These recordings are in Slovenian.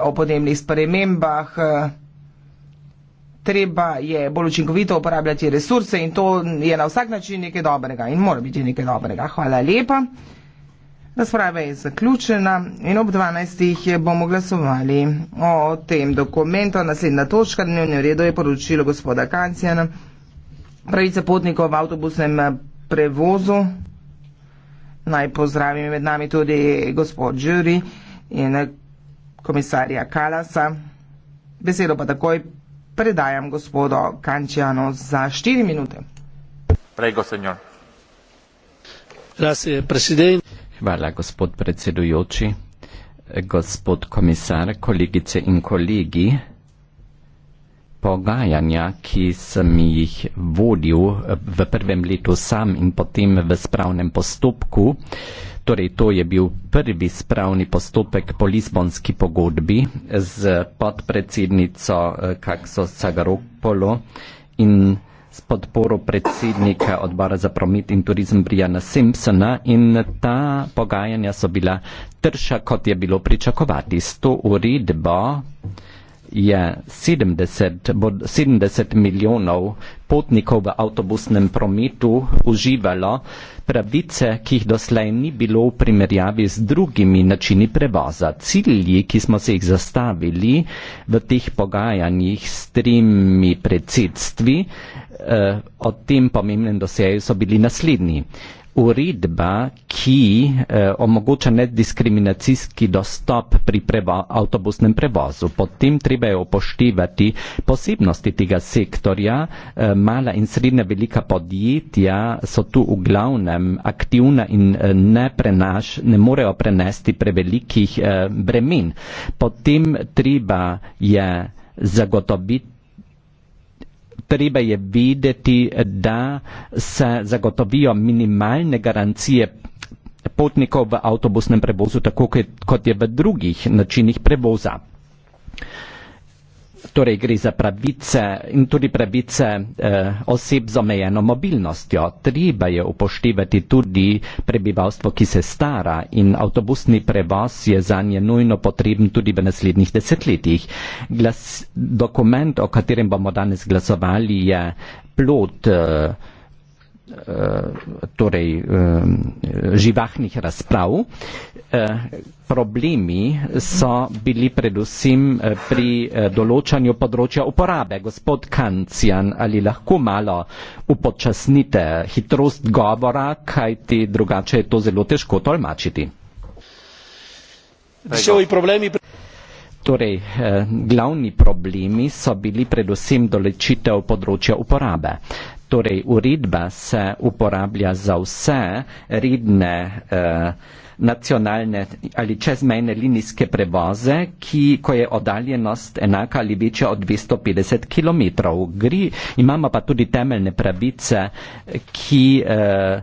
o podnebnih spremembah. Eh, treba je bolj učinkovito uporabljati resurse in to je na vsak način nekaj dobrega in mora biti nekaj dobrega. Hvala lepa. Razprava je zaključena in ob 12. bomo glasovali o tem dokumentu. Naslednja točka dnevnega reda je poročilo gospoda Kancijana. Pravice potnikov v avtobusnem eh, prevozu. Naj pozdravim med nami tudi gospod Žuri in eh, komisarja Kalasa. Besedo pa takoj predajam gospodu Kančijanu za štiri minute. Prego, Hvala, gospod predsedujoči, gospod komisar, kolegice in kolegi. Pogajanja, ki sem jih vodil v prvem letu sam in potem v spravnem postopku, eh, Torej, to je bil prvi spravni postopek po Lisbonski pogodbi z podpredsednico eh, Kakso Sagaropolo in s podporo predsednika odbora za promet in turizem Briana Simpsona in ta pogajanja so bila trša, kot je bilo pričakovati. S to uredbo je 70, bo 70 milijonov potnikov v avtobusnem prometu uživalo pravice, ki jih doslej ni bilo v primerjavi z drugimi načini prevoza. Cilji, ki smo se jih zastavili v teh pogajanjih s tremi predsedstvi, eh, o tem pomembnem dosjeju so bili naslednji. Eh, uredba, ki eh, omogoča nediskriminacijski dostop pri prevo avtobusnem prevozu. Potem treba je upoštevati posebnosti tega sektorja. Eh, mala in srednja velika podjetja so tu v glavnem aktivna in eh, ne, prenaš, ne morejo prenesti prevelikih eh, bremen. Potem treba je zagotoviti treba je videti, da se zagotovijo minimalne garancije potnikov v avtobusnem prevozu, tako kot je v drugih načinih prevoza. Torej gre za pravice in tudi pravice eh, oseb z omejeno mobilnostjo. Treba je upoštevati tudi prebivalstvo, ki se stara in avtobusni prevoz je za nje nujno potreben tudi v naslednjih desetletjih. Glas, dokument, o katerem bomo danes glasovali, je plot. Eh, Eh, torej eh, živahnih razprav. Eh, problemi so bili predvsem pri določanju področja uporabe. Gospod Kancijan, ali lahko malo upočasnite hitrost govora, kajti drugače je to zelo težko tolmačiti. Torej, glavni problemi so bili predvsem določitev področja uporabe. Torej, uredba se uporablja za vse redne eh, nacionalne ali čezmejne linijske prevoze, ki, ko je oddaljenost enaka ali večja od 250 km. Gri, imamo pa tudi temeljne pravice, ki. Eh,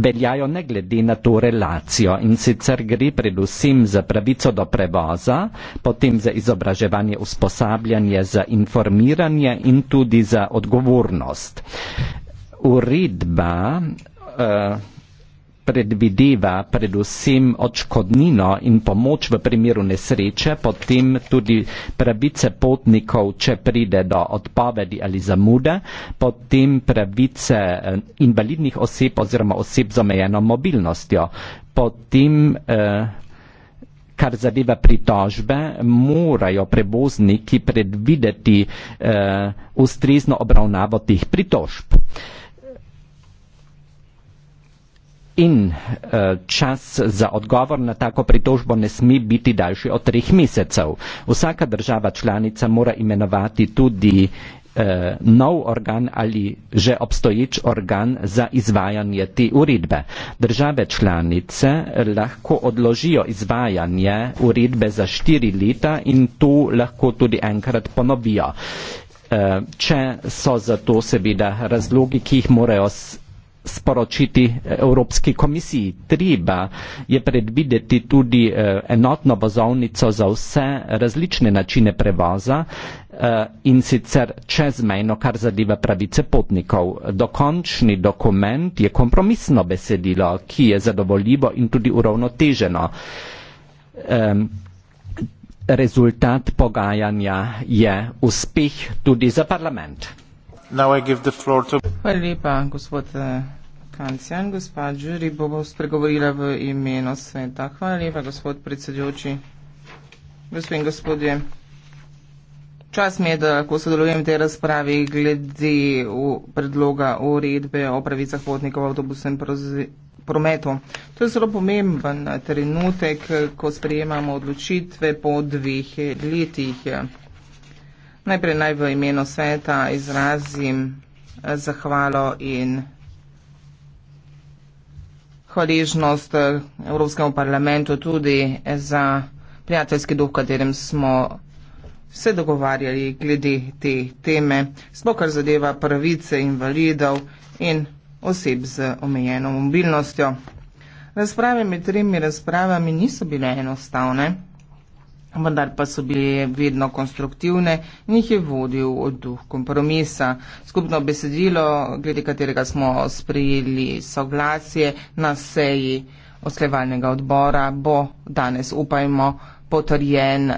veljajo ne glede na to relacijo in sicer gre predvsem za pravico do prevoza, potem za izobraževanje, usposabljanje, za informiranje in tudi za odgovornost. Uredba uh, predvideva predvsem očkodnino in pomoč v primeru nesreče, potem tudi pravice potnikov, če pride do odpovedi ali zamude, potem pravice eh, invalidnih oseb oziroma oseb z omejeno mobilnostjo. Potem, eh, kar zadeva pritožbe, morajo prevozniki predvideti eh, ustrezno obravnavo teh pritožb in eh, čas za odgovor na tako pritožbo ne sme biti daljši od treh mesecev. Vsaka država članica mora imenovati tudi eh, nov organ ali že obstoječ organ za izvajanje te uredbe. Države članice eh, lahko odložijo izvajanje uredbe za štiri leta in to lahko tudi enkrat ponovijo. Če so za to seveda razlogi, ki jih morajo sporočiti eh, Evropski komisiji. Treba je predvideti tudi eh, enotno vozovnico za vse različne načine prevoza eh, in sicer čezmejno, kar zadeva pravice potnikov. Dokončni dokument je kompromisno besedilo, ki je zadovoljivo in tudi uravnoteženo. Rezultat pogajanja je uspeh tudi za parlament. Hvala lepa, gospod eh, Kancijan. Gospa Đuri bo spregovorila v imeno sveta. Hvala lepa, gospod predsedujoči. Gospod in gospodje, čas mi je, da lahko sodelujem v tej razpravi glede v predloga uredbe o pravicah vodnikov v avtobusnem prometu. To je zelo pomemben eh, trenutek, eh, ko sprejemamo odločitve po dveh letih. Najprej naj v imenu sveta izrazim eh, zahvalo in hvaležnost eh, Evropskemu parlamentu tudi za prijateljski duh, v katerem smo se dogovarjali glede te teme, sploh kar zadeva pravice invalidov in oseb z omejeno mobilnostjo. Razprave med tremi razpravami niso bile enostavne vendar pa so bile vedno konstruktivne in jih je vodil od duh kompromisa. Skupno besedilo, glede katerega smo sprejeli soglasje na seji oslevalnega odbora, bo danes, upajmo, potrjen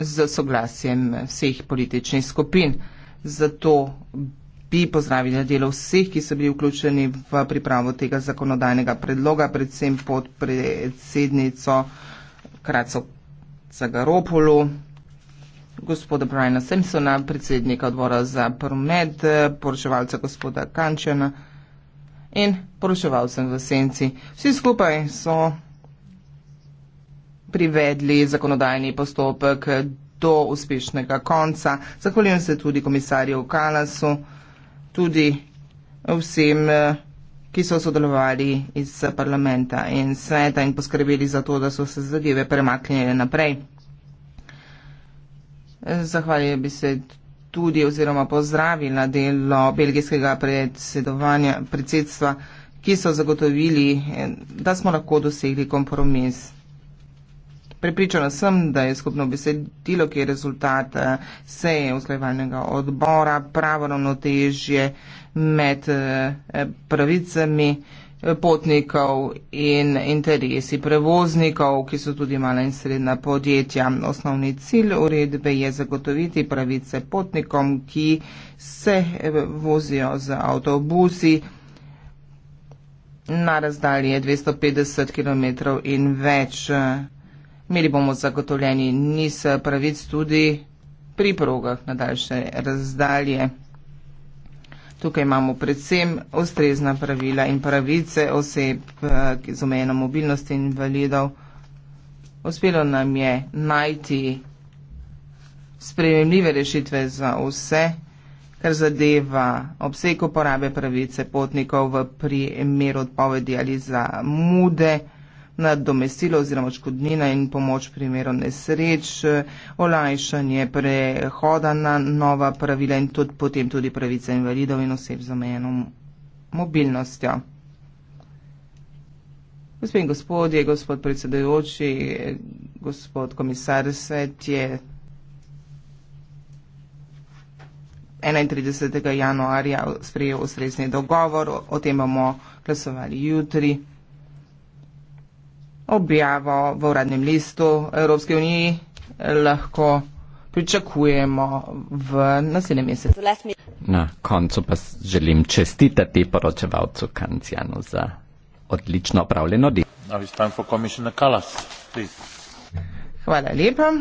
z soglasjem vseh političnih skupin. Zato bi pozdravila delo vseh, ki so bili vključeni v pripravo tega zakonodajnega predloga, predvsem pod predsednico Kracov. Zagaropolu, gospoda Briana Simpsona, predsednika odbora za promet, poročevalca gospoda Kančena in poročevalcem v senci. Vsi skupaj so privedli zakonodajni postopek do uspešnega konca. Zahvaljujem se tudi komisarju Kalasu, tudi vsem. Eh, ki so sodelovali iz parlamenta in sveta in poskrbeli za to, da so se zadeve premaknile naprej. Zahvaljujem bi se tudi oziroma pozdravila delo belgijskega predsedovanja, predsedstva, ki so zagotovili, da smo lahko dosegli kompromis. Pripričana sem, da je skupno besedilo, ki je rezultat eh, seje usklajevalnega odbora, pravo ravnotežje med eh, pravicami eh, potnikov in interesi prevoznikov, ki so tudi mala in srednja podjetja. Osnovni cilj uredbe je zagotoviti pravice potnikom, ki se eh, vozijo z avtobusi na razdalje 250 km in več. Imeli bomo zagotovljeni niz pravic tudi pri progah na daljše razdalje. Tukaj imamo predvsem ustrezna pravila in pravice oseb eh, z omejeno mobilnost in invalidov. Uspelo nam je najti sprejemljive rešitve za vse, kar zadeva obseg uporabe pravice potnikov v primeru odpovedi ali za mude nadomestilo oziroma odškodnina in pomoč primero nesreč, olajšanje prehoda na nova pravila in tudi potem tudi pravice invalidov in oseb z omejeno mobilnostjo. Gospod in gospodje, gospod predsedajoči, gospod komisar svet je 31. januarja sprejel osrednji dogovor, o tem bomo glasovali jutri objavo v uradnem listu Evropske unije lahko pričakujemo v naslednjem mesecu. Na koncu pa želim čestitati poročevalcu Kancijanu za odlično opravljeno delo. Hvala lepa.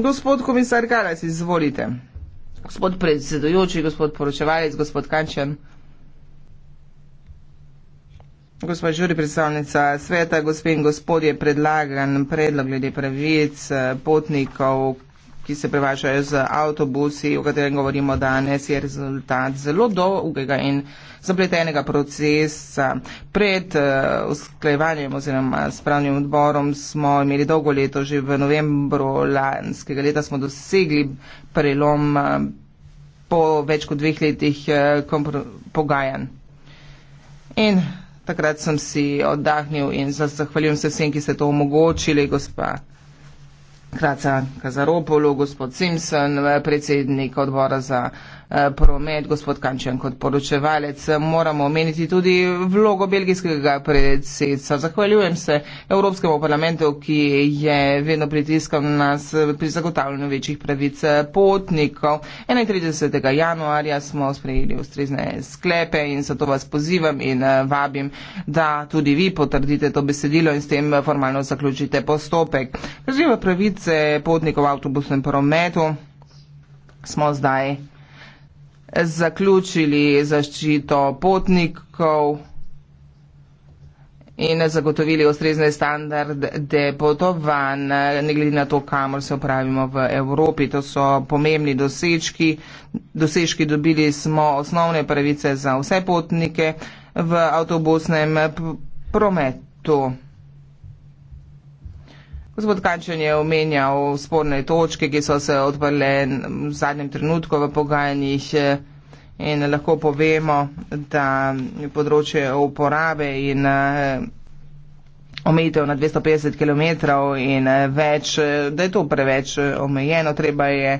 Gospod komisar Kalas, izvolite. Gospod predsedujoči, gospod poročevalec, gospod Kančan. Gospa žuri predstavnica sveta, gospe in gospodje, predlagan predlog glede pravic eh, potnikov, ki se prevažajo z avtobusi, o katerem govorimo danes, je rezultat zelo dolgega in zapletenega procesa. Pred eh, usklajevanjem oziroma spravnim odborom smo imeli dolgo leto, že v novembru lanskega leta smo dosegli prelom eh, po več kot dveh letih pogajanj. In takrat sem si oddahnil in zahvaljujem se vsem, ki ste to omogočili, gospa Kraca Kazaropolo, gospod Simpson, predsednik odbora za. Eh, promet, gospod Kančen, kot poročevalec, moramo omeniti tudi vlogo belgijskega predsedstva. Zahvaljujem se Evropskemu parlamentu, ki je vedno pritiskal nas pri zagotavljanju večjih pravic eh, potnikov. 31. januarja smo sprejeli ustrezne sklepe in zato vas pozivam in eh, vabim, da tudi vi potrdite to besedilo in s tem formalno zaključite postopek. Zdaj pa pravice potnikov v avtobusnem prometu smo zdaj zaključili zaščito potnikov in zagotovili ustrezne standarde potovanj, ne glede na to, kamor se upravimo v Evropi. To so pomembni dosežki. Dosežki dobili smo osnovne pravice za vse potnike v avtobusnem prometu. Gospod Kančan je omenjal sporne točke, ki so se odprle v zadnjem trenutku v pogajanjih eh, in lahko povemo, da področje uporabe in eh, omejitev na 250 km in eh, več, da je to preveč omejeno, treba je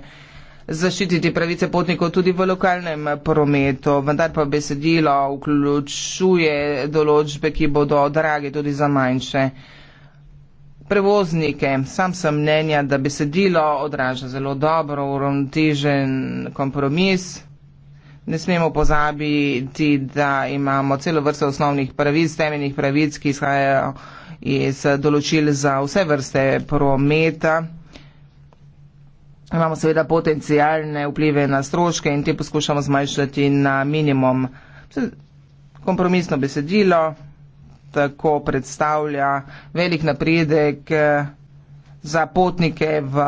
zaščititi pravice potnikov tudi v lokalnem prometu, vendar pa besedilo vključuje določbe, ki bodo drage tudi za manjše prevoznike. Sam sem mnenja, da besedilo odraža zelo dobro uravnotežen kompromis. Ne smemo pozabiti, da imamo celo vrsto osnovnih pravic, temeljnih pravic, ki izhajajo iz določil za vse vrste prometa. Imamo seveda potencijalne vplive na stroške in te poskušamo zmanjšati na minimum. Kompromisno besedilo, tako predstavlja velik napredek eh, za potnike v,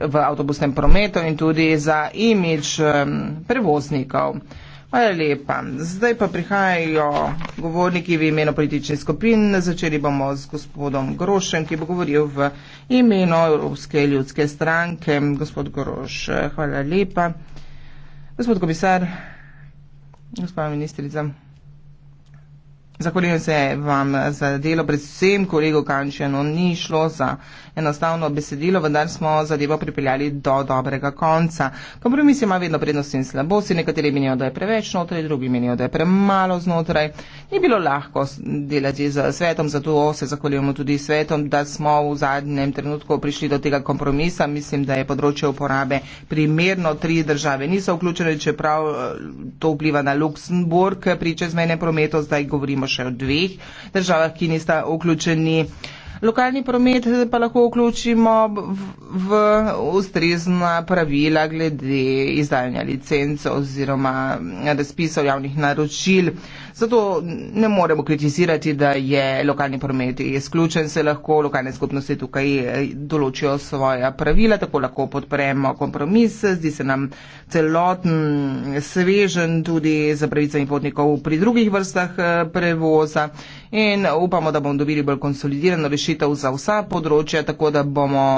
v avtobusnem prometu in tudi za imič prevoznikov. Hvala lepa. Zdaj pa prihajajo govorniki v imenu politične skupine. Začeli bomo z gospodom Grošem, ki bo govoril v imenu Evropske ljudske stranke. Gospod Groš, eh, hvala lepa. Gospod komisar, gospod ministrica. Zahvaljujem se vam za delo, predvsem kolego Kančeno, ni šlo za enostavno besedilo, vendar smo zadevo pripeljali do dobrega konca. Kompromis ima vedno prednost in slabosti, nekateri menijo, da je preveč znotraj, drugi menijo, da je premalo znotraj. Ni bilo lahko delati z svetom, zato se zahvaljujemo tudi svetom, da smo v zadnjem trenutku prišli do tega kompromisa. Mislim, da je področje uporabe primerno, tri države niso vključene, čeprav eh, to vpliva na Luksemburg pri čezmejnem prometu, zdaj govorimo govorimo še o dveh državah, ki nista vključeni. Lokalni promet pa lahko vključimo v ustrezna pravila glede izdajanja licenco oziroma razpisov javnih naročil. Zato ne moremo kritizirati, da je lokalni promet izključen, se lahko lokalne skupnosti tukaj eh, določijo svoja pravila, tako lahko podpremo kompromis. Zdi se nam celoten svežen tudi za pravicami potnikov pri drugih vrstah eh, prevoza in upamo, da bomo dobili bolj konsolidirano rešitev za vsa področja, tako da bomo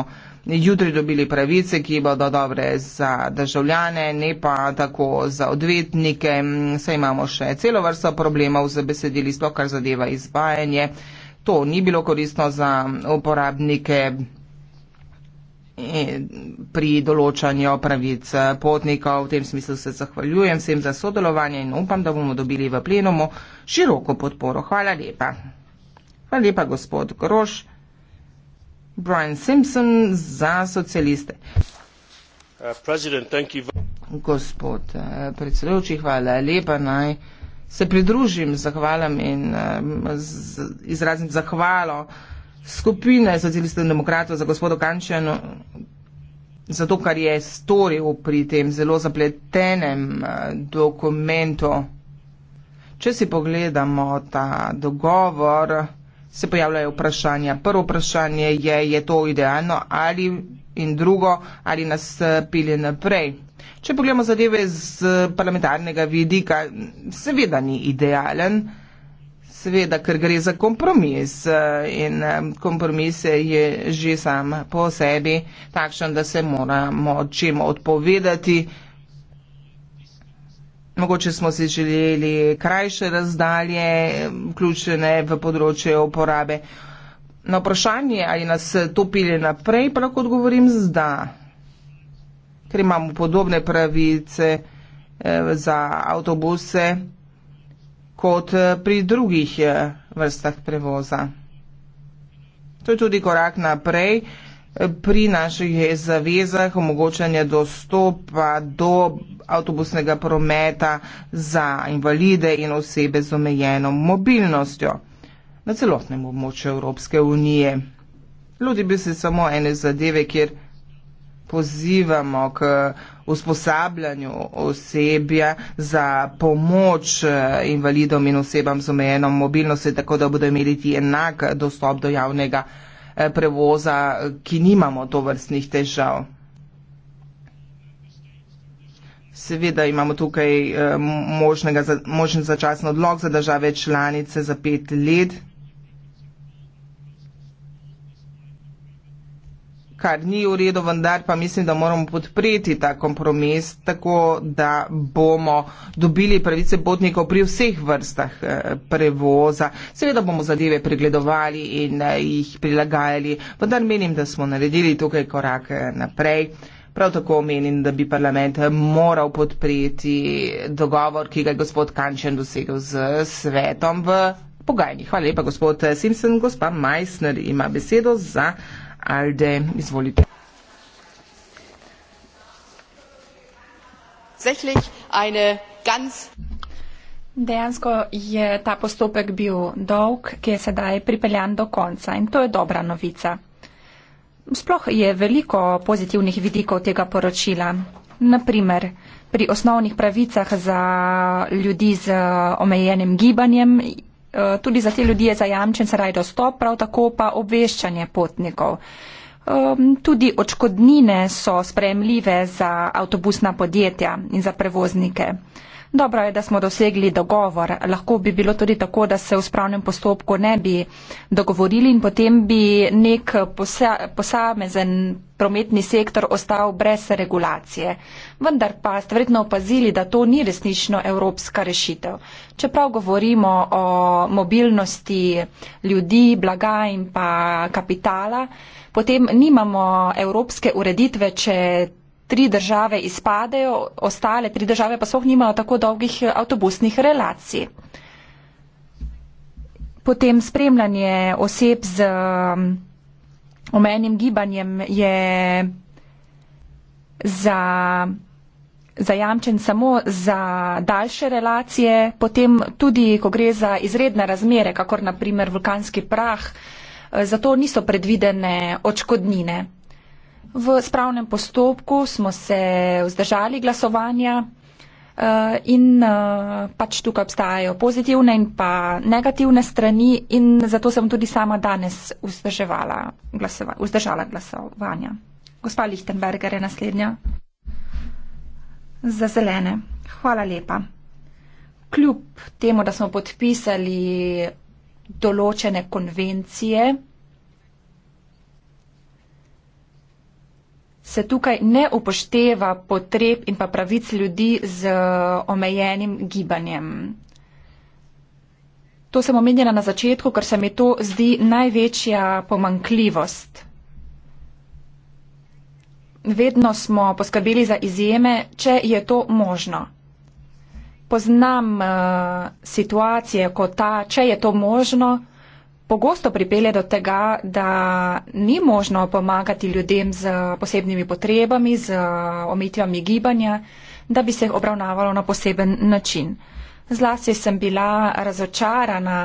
jutri dobili pravice, ki bodo dobre za državljane, ne pa tako za odvetnike. Saj imamo še celo vrsto problemov z besedili, sploh kar zadeva izvajanje. To ni bilo koristno za uporabnike eh, pri določanju pravic potnikov. V tem smislu se zahvaljujem vsem za sodelovanje in upam, da bomo dobili v plenumu široko podporo. Hvala lepa. Hvala lepa, gospod Groš. Brian Simpson za socialiste. Uh, Gospod uh, predsedujoči, hvala lepa. Naj se pridružim zahvalam in uh, z, izrazim zahvalo skupine socialistov in demokratov za gospodo Kančanu za to, kar je storil pri tem zelo zapletenem dokumentu. Če si pogledamo ta dogovor, se pojavljajo vprašanja. Prvo vprašanje je, je to idealno ali in drugo, ali nas pili naprej. Če pogledamo zadeve z parlamentarnega vidika, seveda ni idealen, seveda, ker gre za kompromis in kompromis je že sam po sebi takšen, da se moramo čemu odpovedati. Mogoče smo si želeli krajše razdalje, vključene v področje uporabe. Na vprašanje, ali nas to pile naprej, pa lahko odgovorim z da, ker imamo podobne pravice eh, za avtobuse kot eh, pri drugih eh, vrstah prevoza. To je tudi korak naprej pri naših zavezah omogočanje dostopa do avtobusnega prometa za invalide in osebe z omejeno mobilnostjo na celotnem območju Evropske unije. Ljudje bi se samo ene zadeve, kjer pozivamo k usposabljanju osebja za pomoč eh, invalidom in osebam z omejeno mobilnostjo, tako da bodo imeli ti enak dostop do javnega prometa. Eh, prevoza, ki nimamo tovrstnih težav. Seveda imamo tukaj eh, možen začasen odlog za države članice za pet let. kar ni v redu, vendar pa mislim, da moramo podpreti ta kompromis, tako da bomo dobili pravice potnikov pri vseh vrstah eh, prevoza. Seveda bomo zadeve pregledovali in eh, jih prilagajali, vendar menim, da smo naredili tukaj korak eh, naprej. Prav tako menim, da bi parlament moral podpreti dogovor, ki ga je gospod Kančen dosegel z svetom v pogajanjih. Hvala lepa, gospod Simpson. Gospa Meissner ima besedo za. Alde. Izvolite. Dejansko je ta postopek bil dolg, ki je sedaj pripeljan do konca in to je dobra novica. Sploh je veliko pozitivnih vidikov tega poročila. Naprimer, pri osnovnih pravicah za ljudi z omejenim gibanjem Eh, tudi za te ljudi je zajamčen saraj dostop, prav tako pa obveščanje potnikov. Tudi očkodnine so spremljive za avtobusna podjetja in za prevoznike. Dobro je, da smo dosegli dogovor. Lahko bi bilo tudi tako, da se v spravnem postopku ne bi dogovorili in potem bi nek posa, posamezen prometni sektor ostal brez regulacije. Vendar pa ste verjetno opazili, da to ni resnično evropska rešitev. Čeprav govorimo o mobilnosti ljudi, blaga in pa kapitala, potem nimamo evropske ureditve, če tri države izpadejo, ostale tri države pa soh nimajo tako dolgih avtobusnih relacij. Potem spremljanje oseb z omenim gibanjem, je za, zajamčen samo za daljše relacije, potem tudi, ko gre za izredne razmere, kakor naprimer vulkanski prah, eh, zato niso predvidene očkodnine. V spravnem postopku smo se vzdržali glasovanja. Eh, in eh, pač tukaj obstajajo pozitivne in pa negativne strani in zato sem tudi sama danes vzdrževala glasova, vzdržala glasovanja. Gospa Lichtenberger je naslednja. Za zelene. Hvala lepa. Kljub temu, da smo podpisali določene konvencije, se tukaj ne upošteva potreb in pa pravic ljudi z omejenim gibanjem. To sem omenjena na začetku, ker se mi to zdi največja pomankljivost. Vedno smo poskrbeli za izjeme, če je to možno. Poznam uh, situacije, ko ta, če je to možno, uh, pogosto pripelje do tega, da ni možno pomagati ljudem z posebnimi potrebami, z omitvami gibanja, da bi se jih obravnavalo na poseben način. Zlasti sem bila razočarana,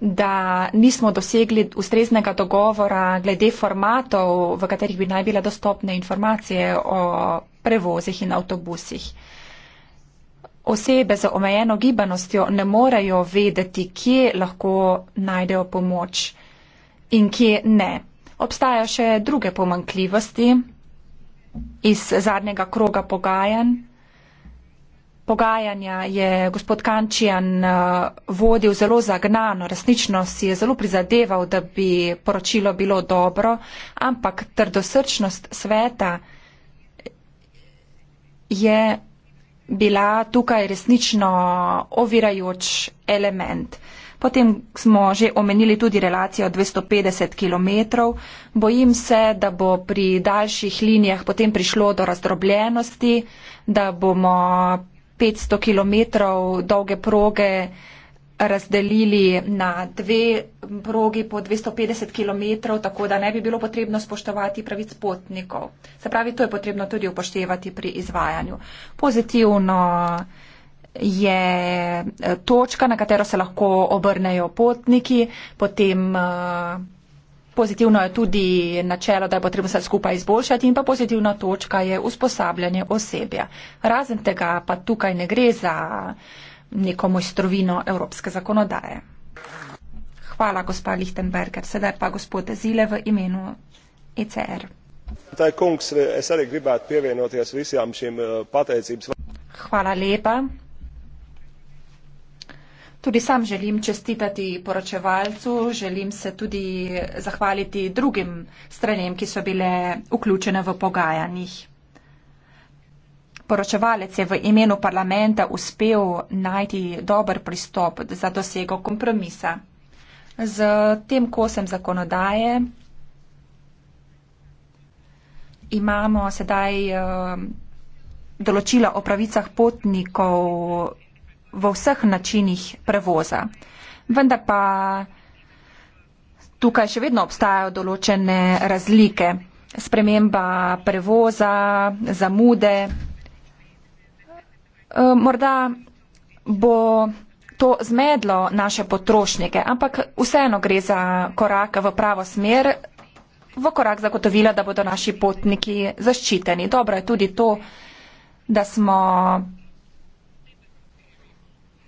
da nismo dosegli ustreznega dogovora glede formatov, v katerih bi naj bila dostopne informacije o prevozih in avtobusih osebe z omejeno gibanostjo ne morejo vedeti, kje lahko najdejo pomoč in kje ne. Obstajajo še druge pomankljivosti iz zadnjega kroga pogajanj. Pogajanja je gospod Kančijan eh, vodil zelo zagnano, resnično si je zelo prizadeval, da bi poročilo bilo dobro, ampak trdosrčnost sveta je bila tukaj resnično ovirajoč element. Potem smo že omenili tudi relacijo 250 km. Bojim se, da bo pri daljših linijah potem prišlo do razdrobljenosti, da bomo 500 km dolge proge uh, razdelili na dve progi po 250 km, tako da ne bi bilo potrebno spoštovati pravic potnikov. Se pravi, to je potrebno tudi upoštevati pri izvajanju. Pozitivno je eh, točka, na katero se lahko obrnejo potniki, potem eh, pozitivno je tudi načelo, da je potrebno se skupaj izboljšati in pa pozitivna točka je usposabljanje osebja. Razen tega pa tukaj ne gre za neko mojstrovino evropske zakonodaje. Hvala, gospa Lichtenberger. Sedaj pa gospod Zile v imenu ECR. Eh, Hvala lepa. Tudi sam želim čestitati poročevalcu, želim se tudi zahvaliti drugim stranem, ki so bile vključene v pogajanjih poročevalec je v imenu parlamenta uspel najti dober pristop za dosego kompromisa. Z tem kosem zakonodaje imamo sedaj eh, določila o pravicah potnikov v vseh načinih prevoza. Vendar pa tukaj še vedno obstajajo določene razlike. Sprememba prevoza, zamude. Eh, morda bo to zmedlo naše potrošnike, ampak vseeno gre za korak v pravo smer, v korak zagotovila, da bodo naši potniki zaščiteni. Dobro je tudi to, da smo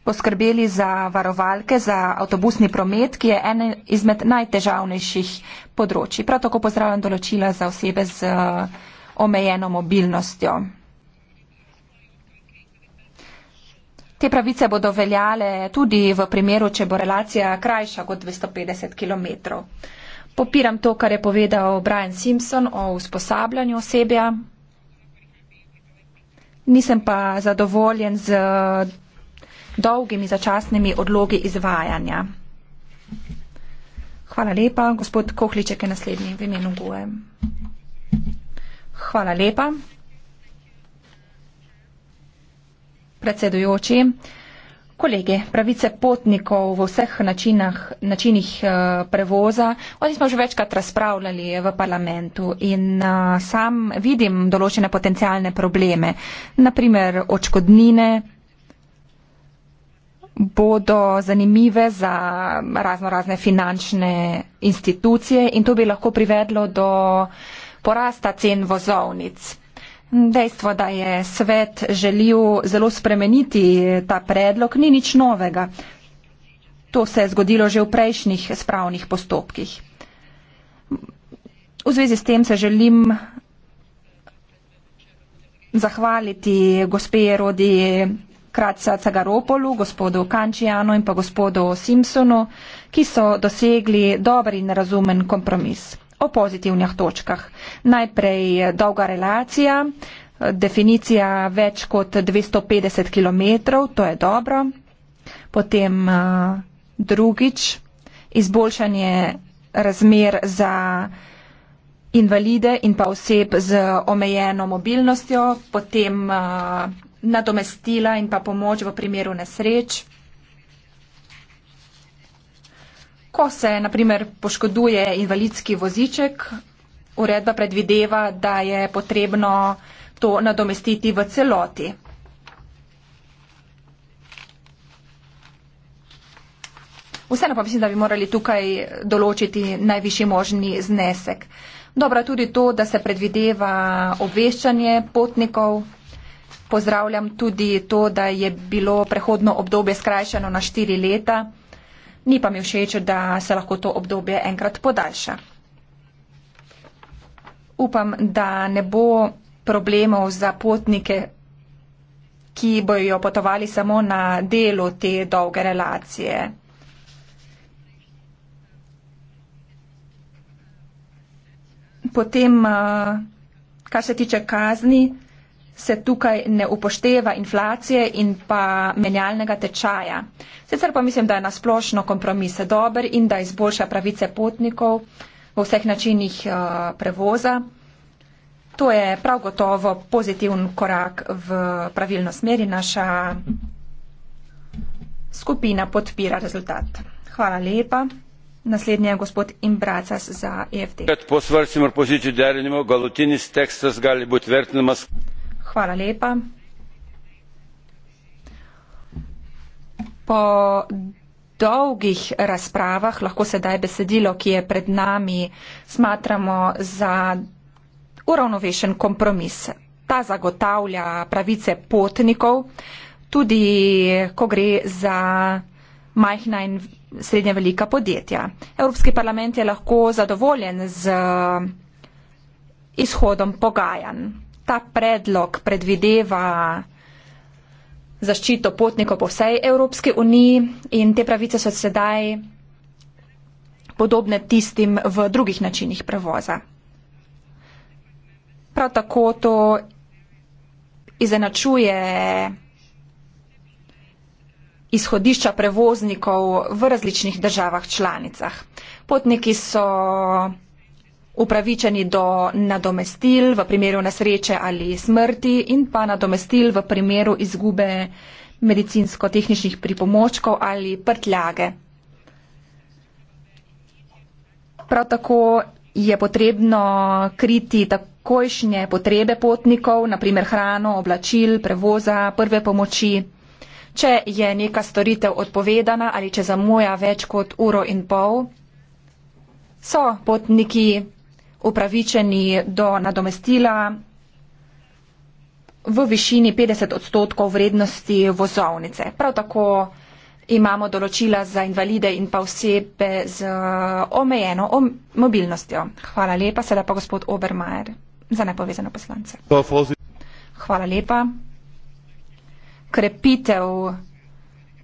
poskrbeli za varovalke, za avtobusni promet, ki je en izmed najtežavnejših področji. Prav tako pozdravljam določila za osebe z eh, omejeno mobilnostjo. Te pravice bodo veljale tudi v primeru, če bo relacija krajša kot 250 km. Popiram to, kar je povedal Brian Simpson o usposabljanju osebja. Nisem pa zadovoljen z dolgimi začasnimi odlogi izvajanja. Hvala lepa. Gospod Kohliček je naslednji v imenu GUE. Hvala lepa. predsedujoči. Kolege, pravice potnikov v vseh načinah, načinih eh, prevoza, o njih smo že večkrat razpravljali v parlamentu in eh, sam vidim določene potencijalne probleme, naprimer očkodnine bodo zanimive za razno razne finančne institucije in to bi lahko privedlo do porasta cen vozovnic. Dejstvo, da je svet želel zelo spremeniti ta predlog, ni nič novega. To se je zgodilo že v prejšnjih spravnih postopkih. V zvezi s tem se želim zahvaliti gospe Rodi Kratca Cagaropolu, gospodu Kančijanu in pa gospodu Simpsonu, ki so dosegli dober in razumen kompromis o pozitivnih točkah. Najprej dolga relacija, definicija več kot 250 km, to je dobro. Potem eh, drugič, izboljšanje razmer za invalide in pa oseb z omejeno mobilnostjo, potem uh, nadomestila in pa pomoč v primeru nesreč. ko se, na primer, poškoduje invalidski voziček, uredba predvideva, da je potrebno to nadomestiti v celoti. Vseeno pa mislim, da bi morali tukaj določiti najvišji možni znesek. Dobro, tudi to, da se predvideva obveščanje potnikov. Pozdravljam tudi to, da je bilo prehodno obdobje skrajšano na štiri leta ni pa mi všeč, da se lahko to obdobje enkrat podaljša. Upam, da ne bo problemov za potnike, ki bojo potovali samo na delu te dolge relacije. Potem, eh, kar se tiče kazni se tukaj ne upošteva inflacije in pa menjalnega tečaja. Sicer pa mislim, da je na splošno kompromis dober in da izboljša pravice potnikov v vseh načinih eh, prevoza. To je prav gotovo pozitiven korak v pravilno smer in naša skupina podpira rezultat. Hvala lepa. Naslednji je gospod Imbracas za EFT. Kad po svarsim opoziciji derinimo, galutinis tekstas gali biti vertinamas. Hvala lepa. Po dolgih razpravah lahko sedaj besedilo, ki je pred nami, smatramo za uravnovešen kompromis. Ta zagotavlja pravice potnikov, tudi ko gre za majhna in srednja velika podjetja. Evropski parlament je lahko zadovoljen z izhodom pogajanj ta predlog predvideva zaščito potnikov po vsej Evropski uniji in te pravice so sedaj podobne tistim v drugih načinih prevoza. Prav tako to izenačuje izhodišča prevoznikov v različnih državah članicah. Potniki so upravičeni do nadomestil v primeru nesreče ali smrti in pa nadomestil v primeru izgube medicinsko-tehničnih pripomočkov ali prtljage. Prav tako je potrebno kriti takojšnje potrebe potnikov, naprimer hrano, oblačil, prevoza, prve pomoči. Če je neka storitev odpovedana ali če zamuja več kot uro in pol, so potniki upravičeni do nadomestila v višini 50 odstotkov vrednosti vozovnice. Prav tako imamo določila za invalide in pa osebe z eh, omejeno om mobilnostjo. Hvala lepa, sedaj pa gospod Obermajer za nepovezano poslance. Hvala lepa. Krepitev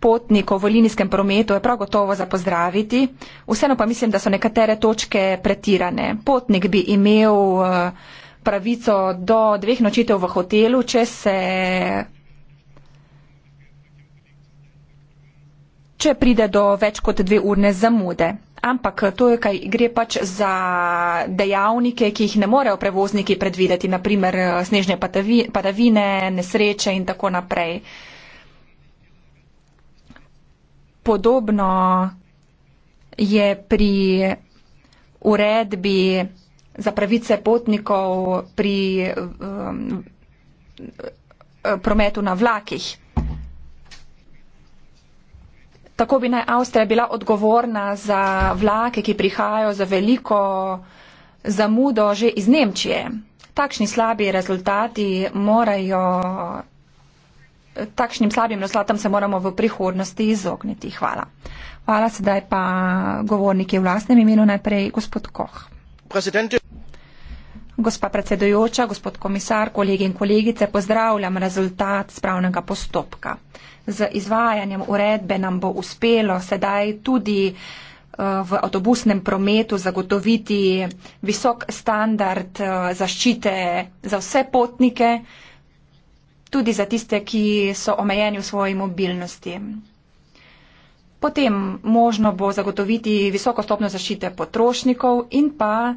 potnikov v linijskem prometu je prav gotovo za pozdraviti, vseeno pa mislim, da so nekatere točke pretirane. Potnik bi imel eh, pravico do dveh nočitev v hotelu, če se. če pride do več kot dve urne zamude. Ampak to je, kaj gre pač za dejavnike, ki jih ne morejo prevozniki predvideti, naprimer eh, snežne padavine, nesreče in tako naprej. Uh, podobno je pri uredbi za pravice potnikov pri um, prometu na vlakih. Tako bi naj Avstrija bila odgovorna za vlake, ki prihajajo za veliko zamudo že iz Nemčije. Takšni slabi rezultati morajo takšnim slabim rezultatom se moramo v prihodnosti izogniti. Hvala. Hvala sedaj pa govorniki v lastnem imenu najprej gospod Koh. Presidente. Gospa predsedujoča, gospod komisar, kolegi in kolegice, pozdravljam rezultat spravnega postopka. Z izvajanjem uredbe nam bo uspelo sedaj tudi eh, v avtobusnem prometu zagotoviti visok standard eh, zaščite za vse potnike, tudi za tiste, ki so omejeni v svoji mobilnosti. Potem možno bo zagotoviti visoko stopno zaščite potrošnikov in pa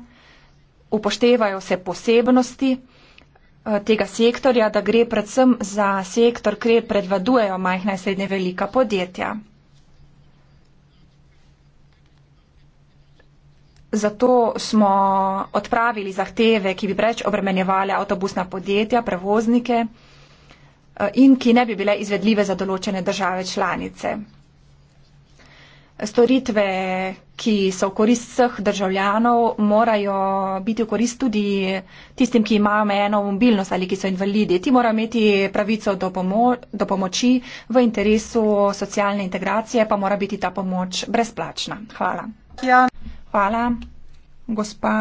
upoštevajo se posebnosti eh, tega sektorja, da gre predvsem za sektor, kjer predvadujejo majhna in srednje velika podjetja. Zato smo odpravili zahteve, ki bi preč obremenjevali avtobusna podjetja, prevoznike. Eh, in ki ne bi bile izvedljive za določene države članice. Storitve, ki so v korist vseh državljanov, morajo biti v korist tudi tistim, ki imajo omejeno mobilnost ali ki so invalidi. Ti morajo imeti pravico do, pomo do pomoči v interesu socialne integracije, pa mora biti ta pomoč brezplačna. Hvala. Ja. Hvala, gospa.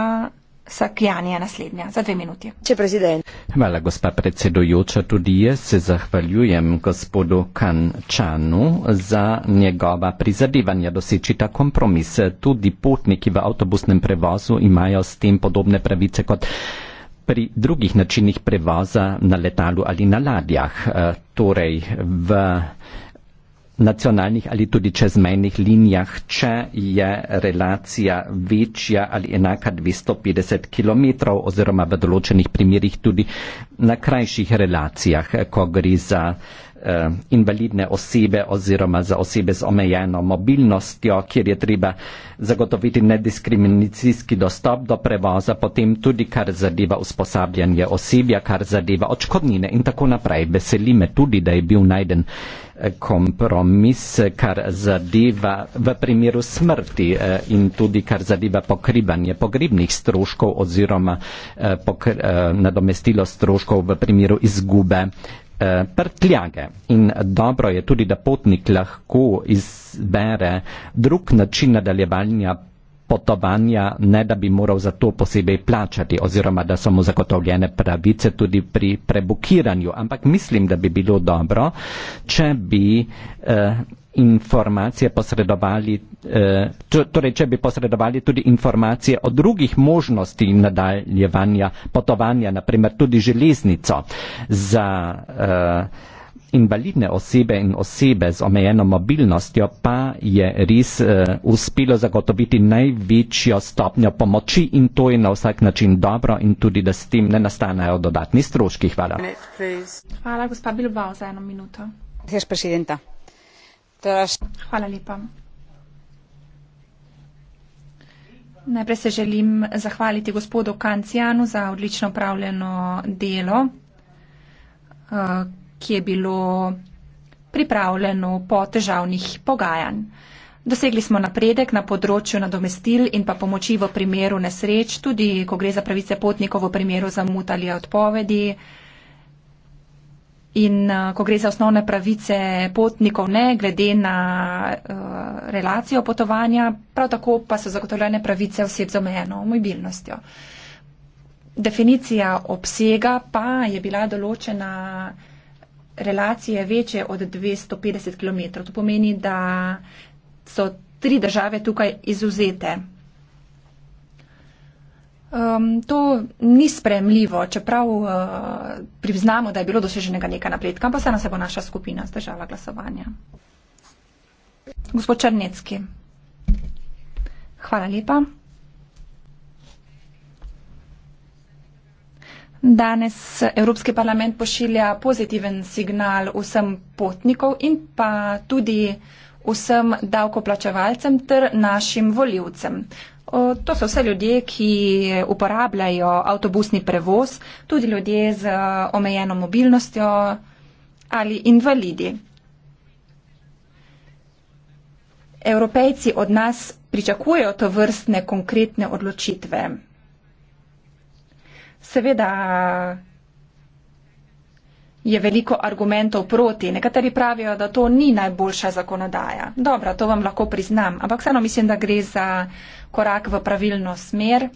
Sakjani je naslednja za dve minuti. Če prezident. Hvala, gospa predsedujoča. Tudi jaz se zahvaljujem gospodu Kančanu za njegova prizadevanja doseči ta kompromis. Tudi potniki v avtobusnem prevozu imajo s tem podobne pravice kot pri drugih načinih prevoza na letalu ali na ladjah. Torej, v nacionalnih ali tudi čezmejnih linijah, če je relacija večja ali enaka 250 km oziroma v določenih primerjih tudi na krajših relacijah, ko gre za uh, eh, invalidne osebe oziroma za osebe z omejeno mobilnostjo, kjer je treba zagotoviti nediskriminacijski dostop do prevoza, potem tudi kar zadeva usposabljanje osebja, kar zadeva očkodnine in tako naprej. Veseli me tudi, da je bil najden eh, kompromis, kar zadeva v primeru smrti eh, in tudi kar zadeva pokrivanje pogrebnih stroškov oziroma eh, pokr, nadomestilo stroškov v primeru izgube Eh, prtljage in dobro je tudi, da potnik lahko izbere drug način nadaljevanja potovanja, ne da bi moral za to posebej plačati oziroma da so mu zagotovljene pravice tudi pri prebukiranju. Ampak mislim, da bi bilo dobro, če bi eh, informacije posredovali Eh, torej, če bi posredovali tudi informacije o drugih možnostih nadaljevanja potovanja, naprimer tudi železnico za eh, invalidne osebe in osebe z omejeno mobilnostjo, pa je res eh, uspelo zagotoviti največjo stopnjo pomoči in to je na vsak način dobro in tudi, da s tem ne nastanejo dodatni stroški. Hvala. Hvala, gospa Bilbao, za eno minuto. Hvala lepa. Najprej se želim zahvaliti gospodu Kancijanu za odlično upravljeno delo, eh, ki je bilo pripravljeno po težavnih pogajanj. Dosegli smo napredek na področju nadomestil in pa pomoči v primeru nesreč, tudi ko gre za pravice potnikov v primeru zamutali odpovedi. In uh, ko gre za osnovne pravice potnikov, ne glede na uh, relacijo potovanja, prav tako pa so zagotovljene pravice oseb z omejeno mobilnostjo. Definicija obsega pa je bila določena relacije večje od 250 km. To pomeni, da so tri države tukaj izuzete. Um, to ni spremljivo, čeprav uh, priznamo, da je bilo doseženega nekaj napredka, pa se nam se bo naša skupina zdržala glasovanja. Gospod Črnecki. Hvala lepa. Danes Evropski parlament pošilja pozitiven signal vsem potnikov in pa tudi vsem davkoplačevalcem ter našim voljivcem. To so vse ljudje, ki uporabljajo avtobusni prevoz, tudi ljudje z eh, omejeno mobilnostjo ali invalidi. Evropejci od nas pričakujejo to vrstne konkretne odločitve. Seveda je veliko argumentov proti. Nekateri pravijo, da to ni najboljša zakonodaja. Dobro, to vam lahko priznam, ampak vseeno mislim, da gre za korak v pravilno smer.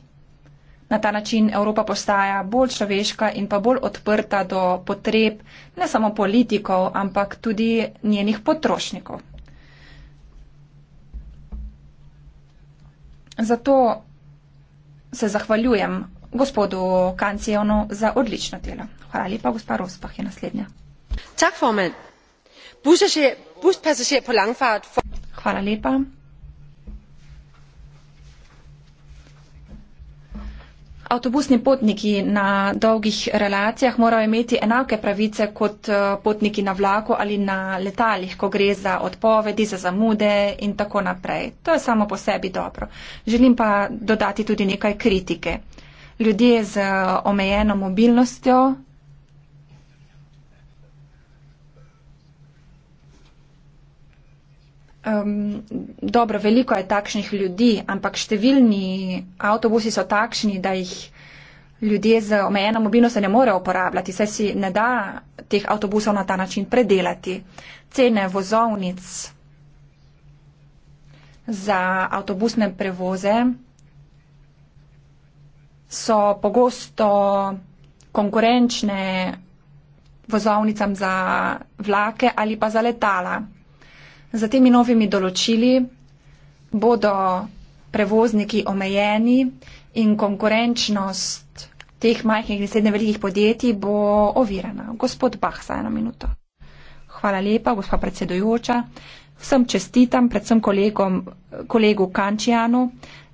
Na ta način Evropa postaja bolj človeška in pa bolj odprta do potreb ne samo politikov, ampak tudi njenih potrošnikov. Zato se zahvaljujem gospodu Kancijonu za odlično delo. Hvala lepa, gospa Rospah je naslednja. Tak, Hvala lepa. Avtobusni potniki na dolgih relacijah morajo imeti enake pravice kot eh, potniki na vlaku ali na letalih, ko gre za odpovedi, za zamude in tako naprej. To je samo po sebi dobro. Želim pa dodati tudi nekaj kritike ljudje z omejeno mobilnostjo. Um, dobro, veliko je takšnih ljudi, ampak številni avtobusi so takšni, da jih ljudje z omejeno mobilnostjo ne morejo uporabljati, saj si ne da teh avtobusov na ta način predelati. Cene vozovnic za avtobusne prevoze so pogosto konkurenčne vozovnicam za vlake ali pa za letala. Za temi novimi določili bodo prevozniki omejeni in konkurenčnost teh majhnih in srednje velikih podjetij bo ovirana. Gospod Bah, za eno minuto. Hvala lepa, gospa predsedujoča. Vsem čestitam, predvsem kolegom, kolegu Kančijanu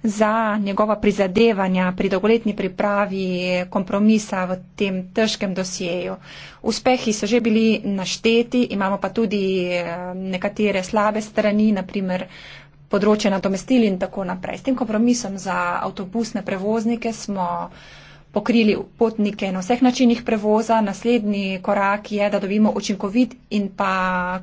za njegova prizadevanja pri dolgoletni pripravi kompromisa v tem težkem dosjeju. Uspehi so že bili našteti, imamo pa tudi eh, nekatere slabe strani, naprimer področje nadomestili in tako naprej. S tem kompromisom za avtobusne prevoznike smo uh, pokrili potnike na vseh načinih prevoza. Naslednji korak je, da dobimo učinkovit in pa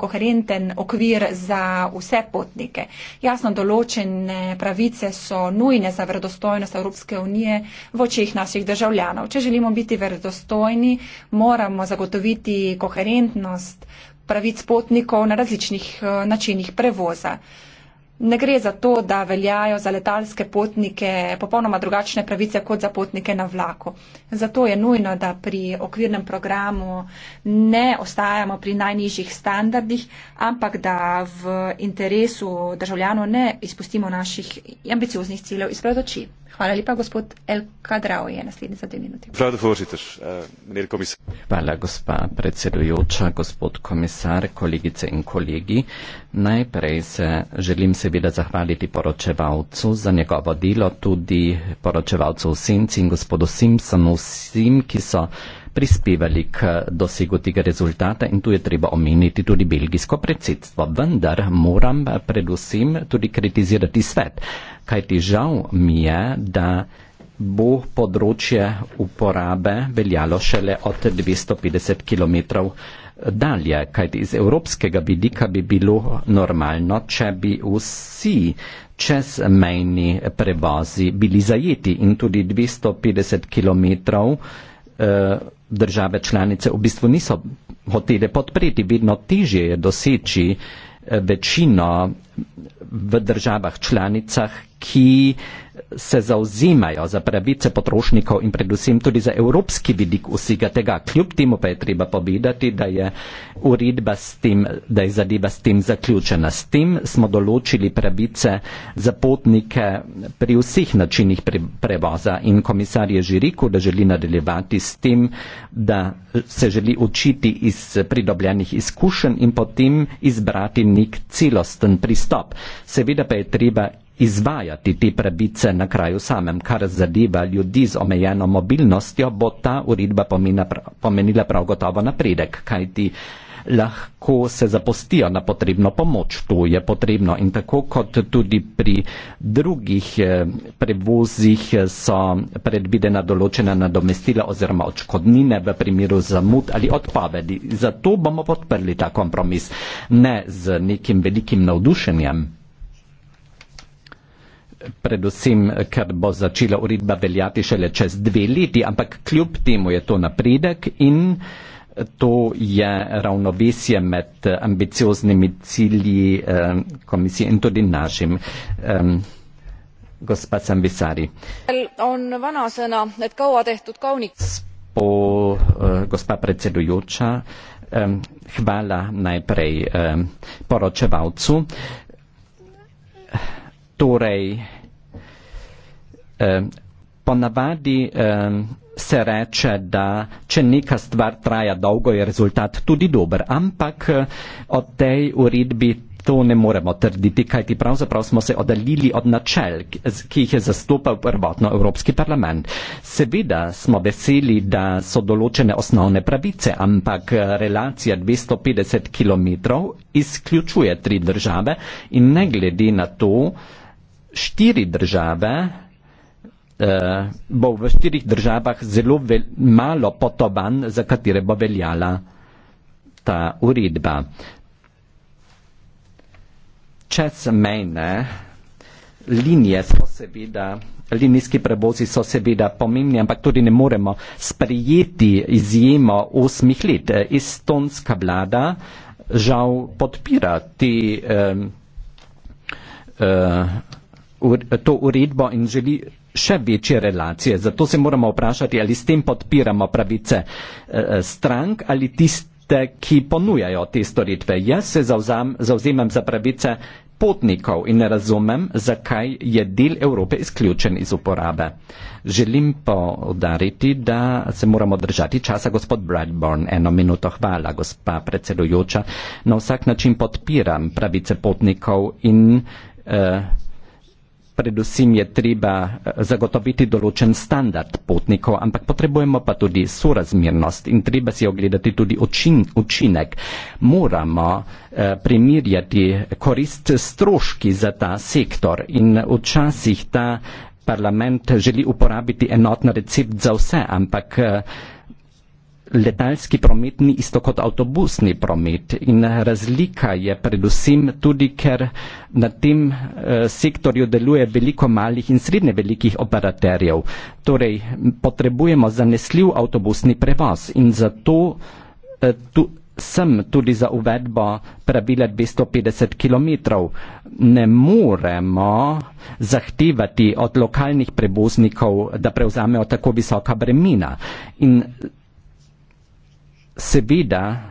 koherenten okvir za vse potnike. Jasno, določene pravice so nujne za verodostojnost Evropske unije v očih naših državljanov. Če želimo biti verodostojni, moramo zagotoviti koherentnost pravic potnikov na različnih eh, načinih prevoza ne gre za to, da veljajo za letalske potnike popolnoma drugačne pravice kot za potnike na vlaku. Zato je nujno, da pri okvirnem programu ne ostajamo pri najnižjih standardih, ampak da v interesu državljanov ne izpustimo naših ambicioznih ciljev iz predočitev. Hvala lepa, gospod El Kadrao je naslednji za dve minuti. Hvala, voziter, uh, komisar. Hvala, gospa predsedujoča, gospod komisar, kolegice in kolegi. Najprej se želim seveda zahvaliti poročevalcu za njegovo delo, tudi poročevalcu v Senci in gospodu Simpsonu, vsem, ki so prispevali k dosegu tega rezultata in tu je treba omeniti tudi belgijsko predsedstvo. Vendar moram predvsem tudi kritizirati svet, kajti žal mi je, da bo področje uporabe veljalo šele od 250 km dalje, kajti iz evropskega vidika bi bilo normalno, če bi vsi čezmejni prevozi bili zajeti in tudi 250 km Eh, države članice v bistvu niso hotele podpreti. Vedno težje je doseči eh, večino v državah članicah, ki se zauzimajo za pravice potrošnikov in predvsem tudi za evropski vidik vsega tega. Kljub temu pa je treba povedati, da je uredba s tem, da je zadeva s tem zaključena. S tem smo določili pravice za potnike pri vseh načinih pre prevoza in komisar je že rekel, da želi nadaljevati s tem, da se želi učiti iz pridobljenih izkušenj in potem izbrati nek celosten pristop pristop. Seveda pa je treba izvajati te pravice na kraju samem, kar zadeva ljudi z omejeno mobilnostjo, bo ta uredba pomenila prav gotovo napredek, kajti lahko se zapostijo na potrebno pomoč. To je potrebno in tako kot tudi pri drugih eh, prevozih eh, so predvidena določena nadomestila oziroma očkodnine v primeru zamud ali odpovedi. Zato bomo podprli ta kompromis, ne z nekim velikim navdušenjem predvsem, ker bo začela uredba veljati šele čez dve leti, ampak kljub temu je to napredek in eh, To je ravnovesje med eh, ambicioznimi cilji eh, komisije in tudi našim. Eh, gospa Sambisari. On vana sena, et kaua tehtud kaunik. Spo, eh, gospa predsedujoča, eh, hvala najprej eh, poročevalcu. Torej, eh, ponavadi um, se reče, da če neka stvar traja dolgo, je rezultat tudi dober. Ampak eh, od tej uredbi to ne moremo trditi, kajti pravzaprav smo se oddaljili od načel, ki jih je zastopal prvotno Evropski parlament. Seveda smo veseli, da so določene osnovne pravice, ampak eh, relacija 250 km izključuje tri države in ne glede na to, štiri države eh, bo v štirih državah zelo vel, malo potoban, za katere bo veljala ta uredba. Čezmejne linije so seveda, linijski prevozi so seveda pomembni, ampak tudi ne moremo sprejeti izjemo osmih let. Estonska vlada žal podpira te, eh, eh, to uredbo in želi še večje relacije. Zato se moramo vprašati, ali s tem podpiramo pravice eh, eh, strank ali tiste, ki ponujajo te storitve. Jaz se zauzam, zauzemam za pravice potnikov in ne razumem, zakaj je del Evrope izključen iz uporabe. Želim povdariti, da se moramo držati časa, gospod Bradburn. Eno minuto hvala, gospa predsedujoča. Na vsak način podpiram pravice potnikov in. Uh, predvsem je treba eh, zagotoviti določen standard potnikov, ampak potrebujemo pa tudi sorazmernost in treba si ogledati tudi učin, učinek. Moramo eh, primerjati korist stroški za ta sektor in včasih ta parlament želi uporabiti enotno recept za vse, ampak eh, letalski promet ni isto kot avtobusni promet in razlika je predvsem tudi, ker na tem uh, sektorju deluje veliko malih in srednje velikih operaterjev. Torej, potrebujemo zanesljiv avtobusni prevoz in zato uh, tu, sem tudi za uvedbo pravila 250 km. Ne moremo zahtevati od lokalnih prevoznikov, da prevzamejo tako visoka bremina. In seveda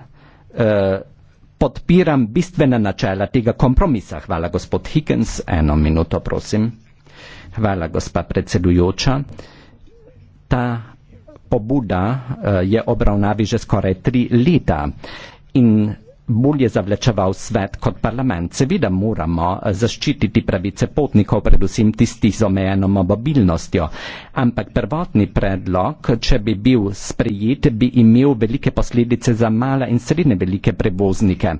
uh, podpiram bistvena načela tega kompromisa. Hvala gospod Higgins, eno minuto prosim. Hvala gospa predsedujoča. Ta pobuda uh, je obravnavi že skoraj tri leta in bolje zavlečeval svet kot parlament. Seveda moramo eh, zaščititi pravice potnikov, predvsem tistih z omejeno mobilnostjo. Ampak prvotni predlog, če bi bil sprejet, bi imel velike posledice za male in srednje velike prevoznike.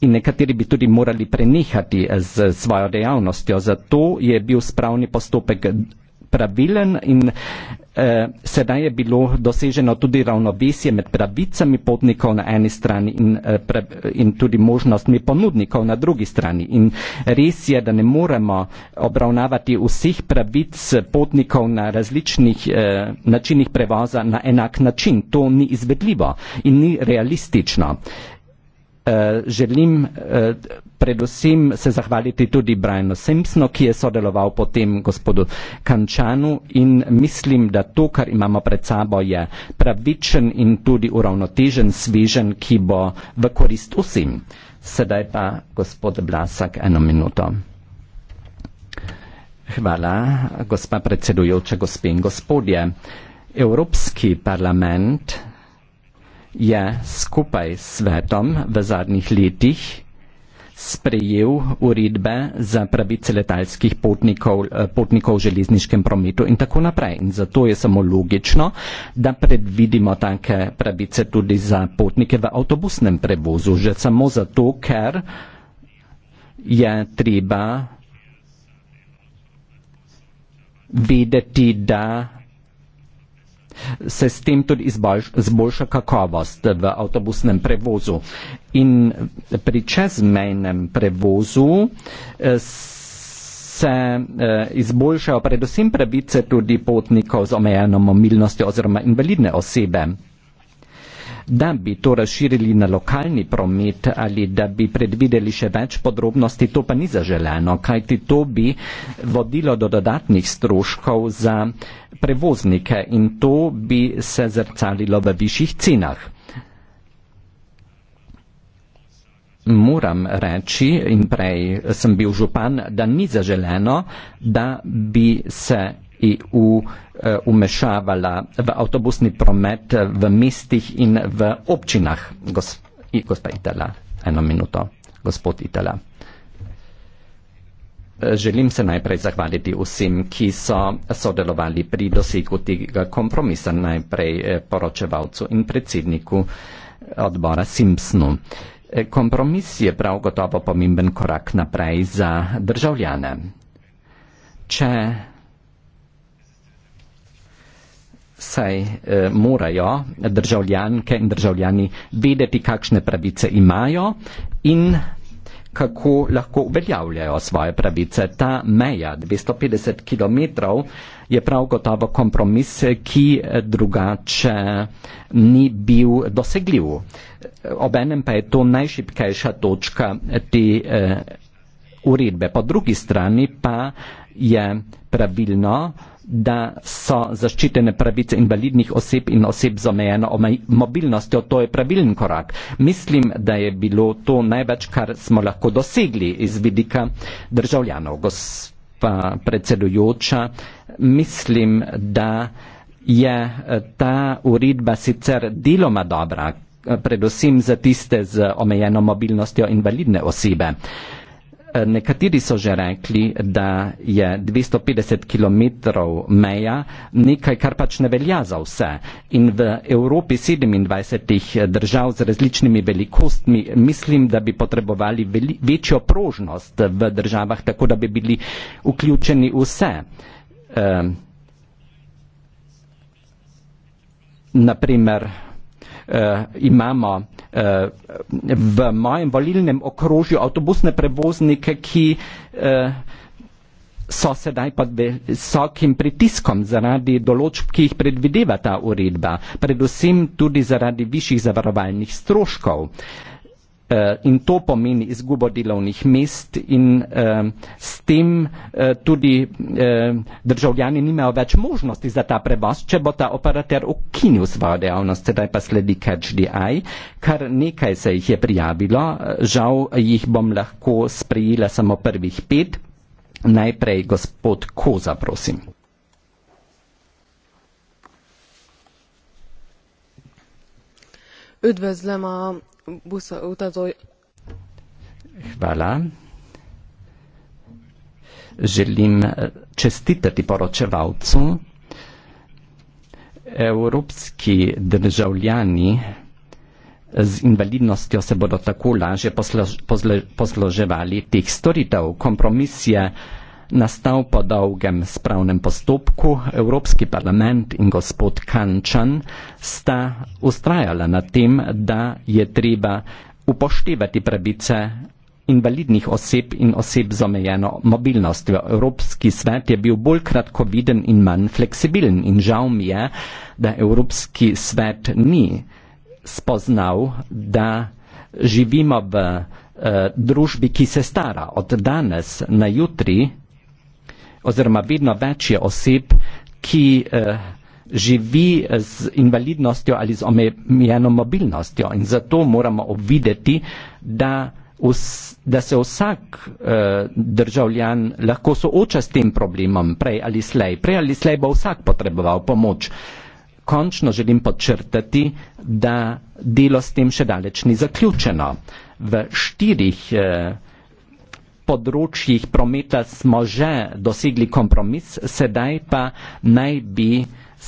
In nekateri bi tudi morali prenehati z eh, svojo dejavnostjo. Zato je bil spravni postopek pravilen in eh, sedaj je bilo doseženo tudi ravnovesje med pravicami potnikov na eni strani in, eh, pre, in tudi možnostmi ponudnikov na drugi strani. In res je, da ne moremo obravnavati vseh pravic potnikov na različnih eh, načinih prevoza na enak način. To ni izvedljivo in ni realistično. Uh, želim uh, predvsem se zahvaliti tudi Brianu Simpsonu, ki je sodeloval potem gospodu Kančanu in mislim, da to, kar imamo pred sabo, je pravičen in tudi uravnotežen svežen, ki bo v korist vsem. Sedaj pa gospod Blasak eno minuto. Hvala, gospa predsedujoča, gospe in gospodje. Evropski parlament je skupaj s svetom v zadnjih letih sprejel uredbe za pravice letalskih potnikov, eh, potnikov v železniškem prometu in tako naprej. In zato je samo logično, da predvidimo take pravice tudi za potnike v avtobusnem prevozu, že samo zato, ker je treba vedeti, da se s tem tudi izboljša kakovost v avtobusnem prevozu. In pri čezmejnem prevozu eh, se eh, izboljšajo predvsem pravice tudi potnikov z omejeno mobilnostjo oziroma invalidne osebe. Da bi to razširili na lokalni promet ali da bi predvideli še več podrobnosti, to pa ni zaželeno, kajti to bi vodilo do dodatnih stroškov za prevoznike in to bi se zrcalilo v višjih cenah. Moram reči, in prej sem bil župan, da ni zaželeno, da bi se EU eh, umešavala v avtobusni promet eh, v mestih in v občinah. Gos, gospa Itala, eno minuto. Gospod Itala. Eh, želim se najprej zahvaliti vsem, ki so sodelovali pri dosegu tega kompromisa, najprej poročevalcu in predsedniku odbora Simpsonu. Kompromis je prav gotovo pomemben korak naprej za državljane. Če saj eh, morajo državljanke in državljani vedeti, kakšne pravice imajo in kako lahko uveljavljajo svoje pravice. Ta meja 250 km je prav gotovo kompromis, ki eh, drugače ni bil dosegljiv. Obenem pa je to najšipkejša točka te eh, uredbe. Po drugi strani pa je pravilno, da so zaščitene pravice invalidnih oseb in oseb z omejeno mobilnostjo. To je pravilen korak. Mislim, da je bilo to največ, kar smo lahko dosegli iz vidika državljanov. Gospa predsedujoča, mislim, da je eh, ta uredba sicer deloma dobra, eh, predvsem za tiste z omejeno mobilnostjo invalidne osebe. Nekateri so že rekli, da je 250 km meja nekaj, kar pač ne velja za vse. In v Evropi 27 držav z različnimi velikostmi mislim, da bi potrebovali veli, večjo prožnost v državah, tako da bi bili vključeni vse. Um, ehm, naprimer, uh, imamo uh, v mojem volilnem okrožju avtobusne prevoznike, ki uh, so sedaj pod visokim pritiskom zaradi določb, ki jih predvideva ta uredba, predvsem tudi zaradi višjih zavarovalnih stroškov. Uh, Eh, in to pomeni izgubo delovnih mest in eh, s tem eh, tudi državljani nimajo več možnosti za ta prevoz, če bo ta operater ukinil svojo dejavnost, sedaj pa sledi CatchDI, kar nekaj se jih je prijavilo, žal jih bom lahko sprejela samo prvih pet. Najprej gospod Koza, prosim. Üdvözlöm a Hvala. Želim eh, čestitati poročevalcu. Evropski državljani eh, z invalidnostjo se bodo tako lažje pozloževali teh storitev. Kompromis je nastal po dolgem spravnem postopku, Evropski parlament in gospod Kančan sta ustrajala na tem, da je treba upoštevati pravice invalidnih oseb in oseb z omejeno mobilnostjo. Evropski svet je bil bolj kratkoviden in manj fleksibilen in žal mi je, da Evropski svet ni spoznal, da živimo v eh, družbi, ki se stara od danes na jutri oziroma vedno več je oseb, ki eh, živi eh, z invalidnostjo ali z omejeno mobilnostjo. In zato moramo obvideti, da, da se vsak uh, državljan lahko sooča s tem problemom prej ali slej. Prej ali slej bo vsak potreboval pomoč. Končno želim podčrtati, da delo s tem še daleč ni zaključeno. V štirih uh, področjih prometa smo že dosegli kompromis, sedaj pa naj bi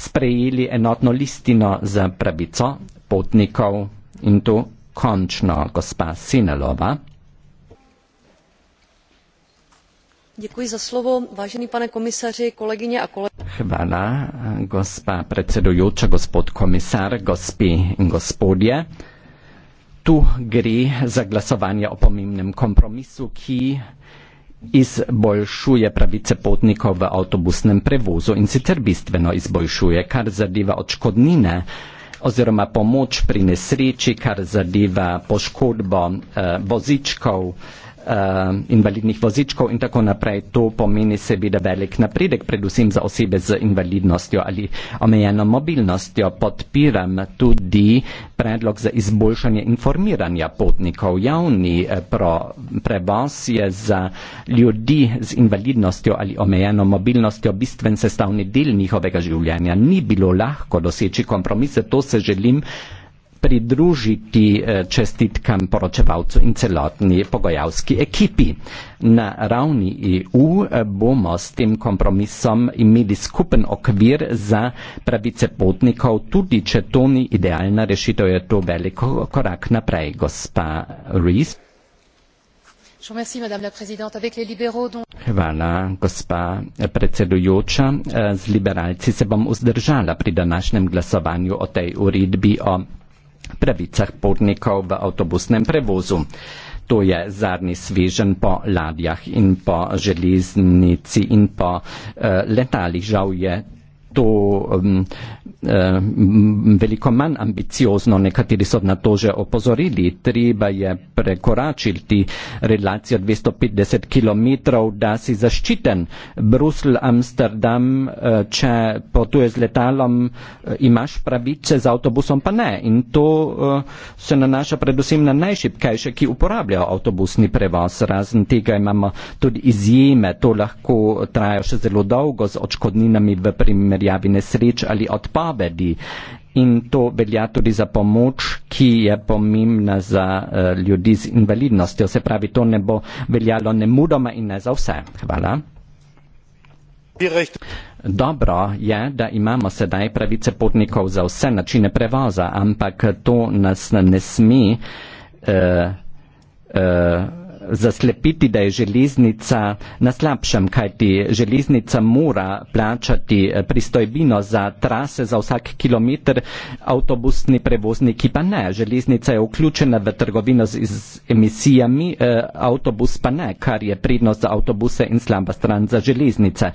sprejeli enotno listino za pravico potnikov in to končno, gospa Sinelova. Děkuji za slovo, vážený pane komisaři, kolegyně a kolegy. Hvala, gospa predsedujúča, gospod komisár, gospi in gospodje tu gre za glasovanje o pomembnem kompromisu, ki izboljšuje pravice potnikov v avtobusnem prevozu in sicer bistveno izboljšuje, kar zadeva odškodnine oziroma pomoč pri nesreči, kar zadeva poškodbo eh, vozičkov, Um, invalidnih vozičkov in tako naprej. To pomeni seveda velik napredek, predvsem za osebe z invalidnostjo ali omejeno mobilnostjo. Podpiram tudi predlog za izboljšanje informiranja potnikov. Javni eh, pro, prevoz je za ljudi z invalidnostjo ali omejeno mobilnostjo bistven sestavni del njihovega življenja. Ni bilo lahko doseči kompromise, to se želim pridružiti eh, čestitkam poročevalcu in celotni pogojavski ekipi. Na ravni EU eh, bomo s tem kompromisom imeli skupen okvir za pravice potnikov, tudi če to ni idealna rešitev, je to veliko korak naprej, gospa Rees. Hvala, gospa predsedujoča. Eh, z liberalci se bom vzdržala pri današnjem glasovanju o tej uredbi o pravicah potnikov v avtobusnem prevozu. To je zadnji svežen po ladjah in po železnici in po uh, letalih. Žal je to um, Eh, veliko manj ambiciozno, nekateri so na to že opozorili. Treba je prekoračiti relacijo 250 km, da si zaščiten. Bruselj, Amsterdam, eh, če potuješ z letalom, eh, imaš pravice, z avtobusom pa ne. In to se nanaša predvsem na najšipkejše, ki uporabljajo avtobusni prevoz. Razen tega imamo tudi izjeme, to lahko traja še zelo dolgo z očkodninami v primerjavi nesreč ali odpad napovedi. In to velja tudi za pomoč, ki je pomembna za uh, ljudi z invalidnostjo. Se pravi, to ne bo veljalo nemudoma in ne za vse. Hvala. Dobro je, da imamo sedaj pravice potnikov za vse načine prevoza, ampak to nas ne sme. Uh, uh, zaslepiti, da je železnica na slabšem, kajti železnica mora plačati eh, pristojbino za trase za vsak kilometr, avtobusni prevozniki pa ne. Železnica je vključena v trgovino z, z emisijami, eh, avtobus pa ne, kar je prednost za avtobuse in slaba stran za železnice.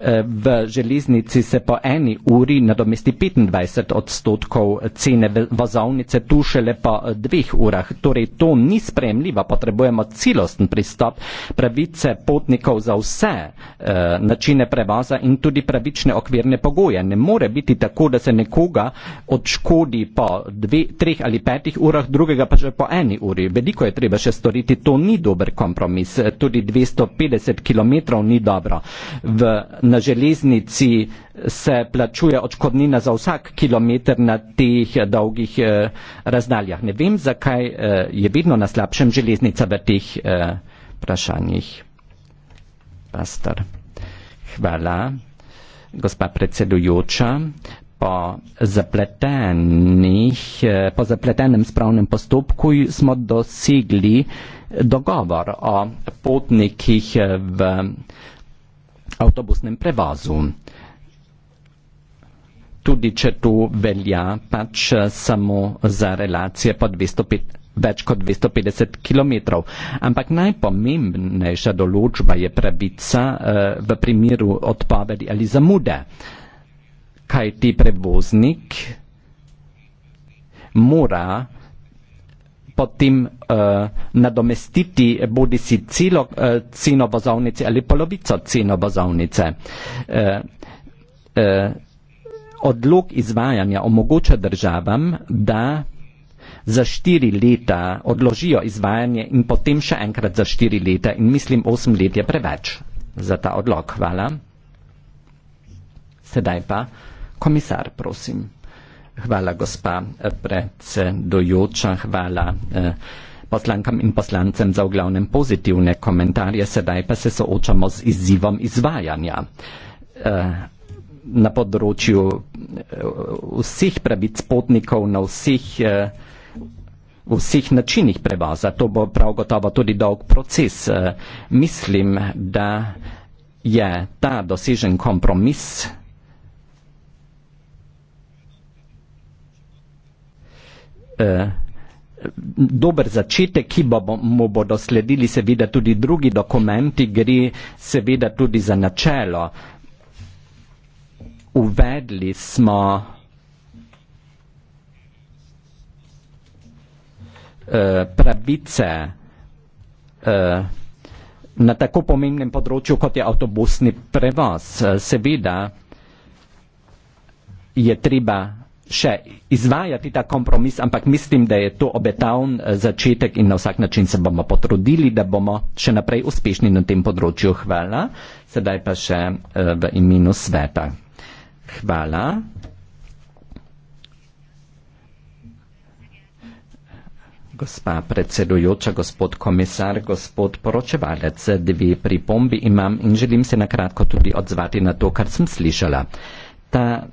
Eh, v železnici se po eni uri nadomesti 25 odstotkov cene vozovnice, tu šele po eh, dveh urah. Torej, to ni sprejemljivo, potrebujemo celosten pristop, pravice potnikov za vse eh, načine prevoza in tudi pravične okvirne pogoje. Ne more biti tako, da se nekoga odškodi po dve, treh ali petih urah, drugega pa že po eni uri. Veliko je treba še storiti, to ni dober kompromis. Tudi 250 km ni dobro. V, na železnici eh, se plačuje odškodnina za vsak kilometr na teh eh, dolgih eh, razdaljah. Ne vem, zakaj eh, je vedno na slabšem železnica v teh vprašanjih. Pastor. Hvala, gospa predsedujoča. Po, po zapletenem spravnem postopku smo dosegli dogovor o potnikih v avtobusnem prevozu tudi če to velja pač eh, samo za relacije po 205 več kot 250 km. Ampak najpomembnejša določba je pravica uh, v primeru odpovedi ali zamude. Kaj ti prevoznik mora potem uh, nadomestiti bodi si celo uh, ceno vozovnice ali polovico ceno vozovnice. Uh, uh, odlog izvajanja omogoča državam, da za štiri leta odložijo izvajanje in potem še enkrat za štiri leta in mislim, osem let je preveč za ta odlog. Hvala. Sedaj pa komisar, prosim. Hvala, gospa eh, predsedujoča, hvala eh, poslankam in poslancem za v glavnem pozitivne komentarje. Sedaj pa se soočamo z izzivom izvajanja. Eh, na področju eh, vseh pravic potnikov na vseh, eh, vseh načinih prevoza. To bo prav gotovo tudi dolg proces. Eh, mislim, da je ta dosežen kompromis dober začetek, ki bo, mu bodo sledili seveda tudi drugi dokumenti, gre seveda tudi za načelo uh, uvedli smo eh, pravice eh, na tako pomembnem področju, kot je avtobusni prevoz. Eh, seveda je treba še izvajati ta kompromis, ampak mislim, da je to obetavn začetek in na vsak način se bomo potrudili, da bomo še naprej uspešni na tem področju. Hvala. Sedaj pa še v imenu sveta. Hvala. Gospa predsedujoča, gospod komisar, gospod poročevalec, dve pripombi imam in želim se nakratko tudi odzvati na to, kar sem slišala. Ta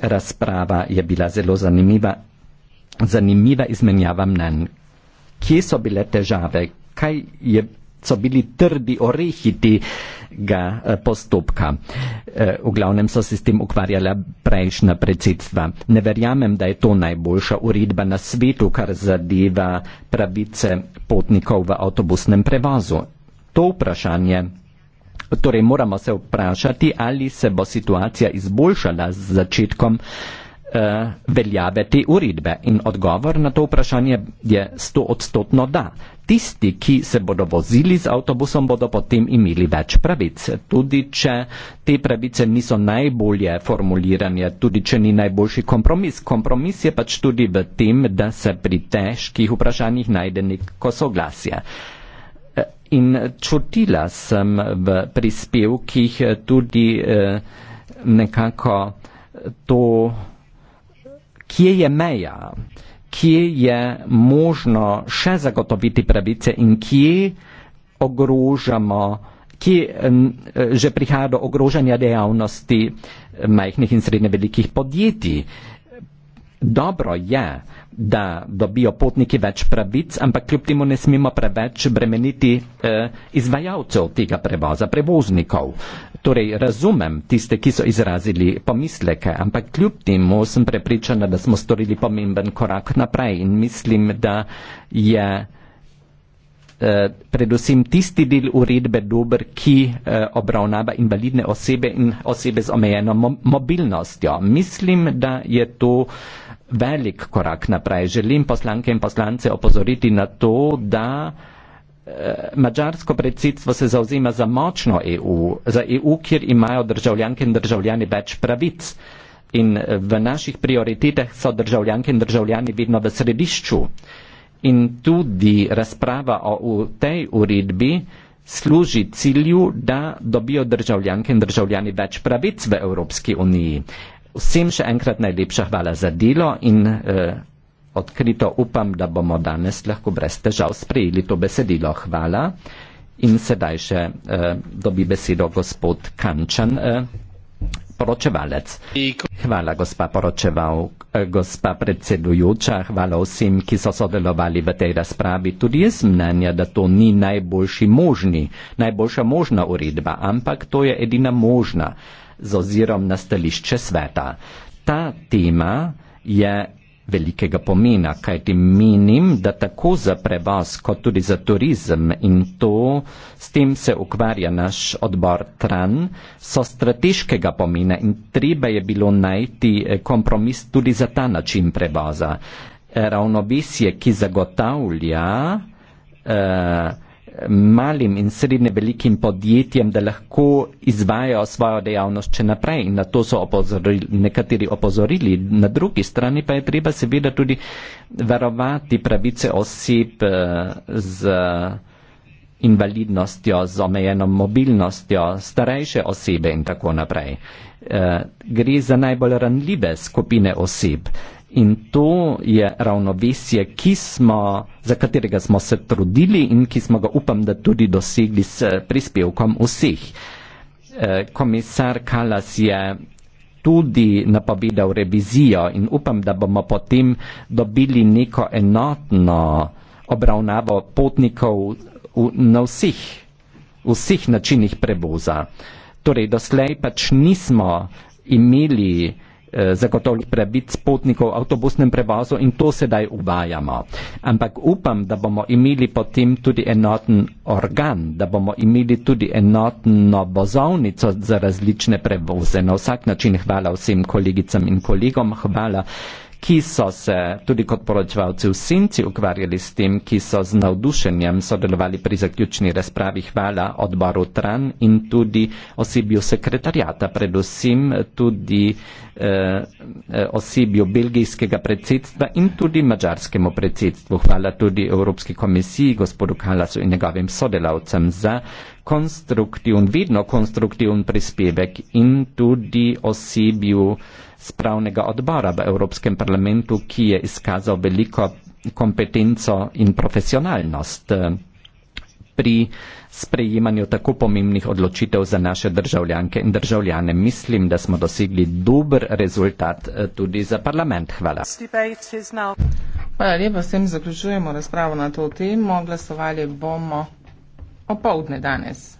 razprava je bila zelo zanimiva, zanimiva izmenjava mnen. Kje so bile težave? Kaj je so bili trdi orehi tega eh, postopka. Eh, v glavnem so se s tem ukvarjala prejšnja predsedstva. Ne verjamem, da je to najboljša uredba na svetu, kar zadeva pravice potnikov v avtobusnem prevozu. To vprašanje. Torej moramo se vprašati, ali se bo situacija izboljšala z začetkom uh, veljave te uredbe. In odgovor na to vprašanje je stoodstotno da. Tisti, ki se bodo vozili z avtobusom, bodo potem imeli več pravic. Tudi če te pravice niso najbolje formulirane, tudi če ni najboljši kompromis. Kompromis je pač tudi v tem, da se pri težkih vprašanjih najde neko soglasje. Eh, in čutila sem v prispevkih tudi eh, nekako to kje je meja, kje je možno še zagotoviti pravice in kje ogrožamo, kje eh, že prihaja do ogrožanja dejavnosti eh, majhnih in srednje velikih podjetij. Dobro je, da dobijo potniki več pravic, ampak kljub temu ne smemo preveč bremeniti eh, izvajalcev tega prevoza, prevoznikov. Eh, Torej, razumem tiste, ki so izrazili pomisleke, ampak kljub temu sem prepričana, da smo storili pomemben korak naprej in mislim, da je eh, predvsem tisti del uredbe dober, ki eh, obravnava invalidne osebe in osebe z omejeno mobilnostjo. Mislim, da je to velik korak naprej. Želim poslanke in poslance opozoriti na to, da Eh, Mačarsko predsedstvo se zauzema za močno EU, za EU, kjer imajo državljanke in državljani več pravic. In eh, v naših prioritetah so državljanke in državljani vedno v središču. In tudi razprava o tej uredbi služi cilju, da dobijo državljanke in državljani več pravic v Evropski uniji. Vsem še enkrat najlepša hvala za delo in eh, odkrito upam, da bomo danes lahko brez težav sprejeli to besedilo. Hvala. In sedaj še eh, dobi besedo gospod Kančan, eh, poročevalec. Hvala, gospa poročeval, eh, gospa predsedujoča, hvala vsem, ki so sodelovali v tej razpravi. Tudi jaz mnenja, da to ni najboljši možni, najboljša možna uredba, ampak to je edina možna z ozirom na stališče sveta. Ta tema je velikega pomena, kajti menim, da tako za prevoz kot tudi za turizem in to, s tem se ukvarja naš odbor Tran, so strateškega pomena in treba je bilo najti eh, kompromis tudi za ta način prevoza. Ravnovesje, ki zagotavlja eh, malim in srednje velikim podjetjem, da lahko izvajajo svojo dejavnost še naprej. In na to so opozorili, nekateri opozorili. Na drugi strani pa je treba seveda tudi varovati pravice oseb eh, z invalidnostjo, z omejeno mobilnostjo, starejše osebe in tako naprej. Eh, gre za najbolj ranljive skupine oseb. In to je ravnovesje, smo, za katerega smo se trudili in ki smo ga, upam, da tudi dosegli s prispevkom vseh. Eh, komisar Kalas je tudi napovedal revizijo in upam, da bomo potem dobili neko enotno obravnavo potnikov na vseh, vseh načinih prevoza. Torej, doslej pač nismo imeli Eh, zagotovili prebit potnikov v avtobusnem prevozu in to sedaj uvajamo. Ampak upam, da bomo imeli potem tudi enoten organ, da bomo imeli tudi enotno bozovnico za različne prevoze. Na vsak način hvala vsem kolegicam in kolegom, hvala ki so se tudi kot poročevalci v Sinci ukvarjali s tem, ki so z navdušenjem sodelovali pri zaključni razpravi hvala odboru Tran in tudi osebju sekretarjata, predvsem tudi eh, eh, osebju belgijskega predsedstva in tudi mađarskemu predsedstvu. Hvala tudi Evropski komisiji, gospodu Kalasu in njegovim sodelavcem za konstruktiven, vedno konstruktiven prispevek in tudi osebju spravnega odbora v Evropskem parlamentu, ki je izkazal veliko kompetenco in profesionalnost eh, pri sprejemanju tako pomembnih odločitev za naše državljanke in državljane. Mislim, da smo dosegli dober rezultat eh, tudi za parlament. Hvala. Hvala lepa, s tem zaključujemo razpravo na to temo. Glasovali bomo opoldne danes.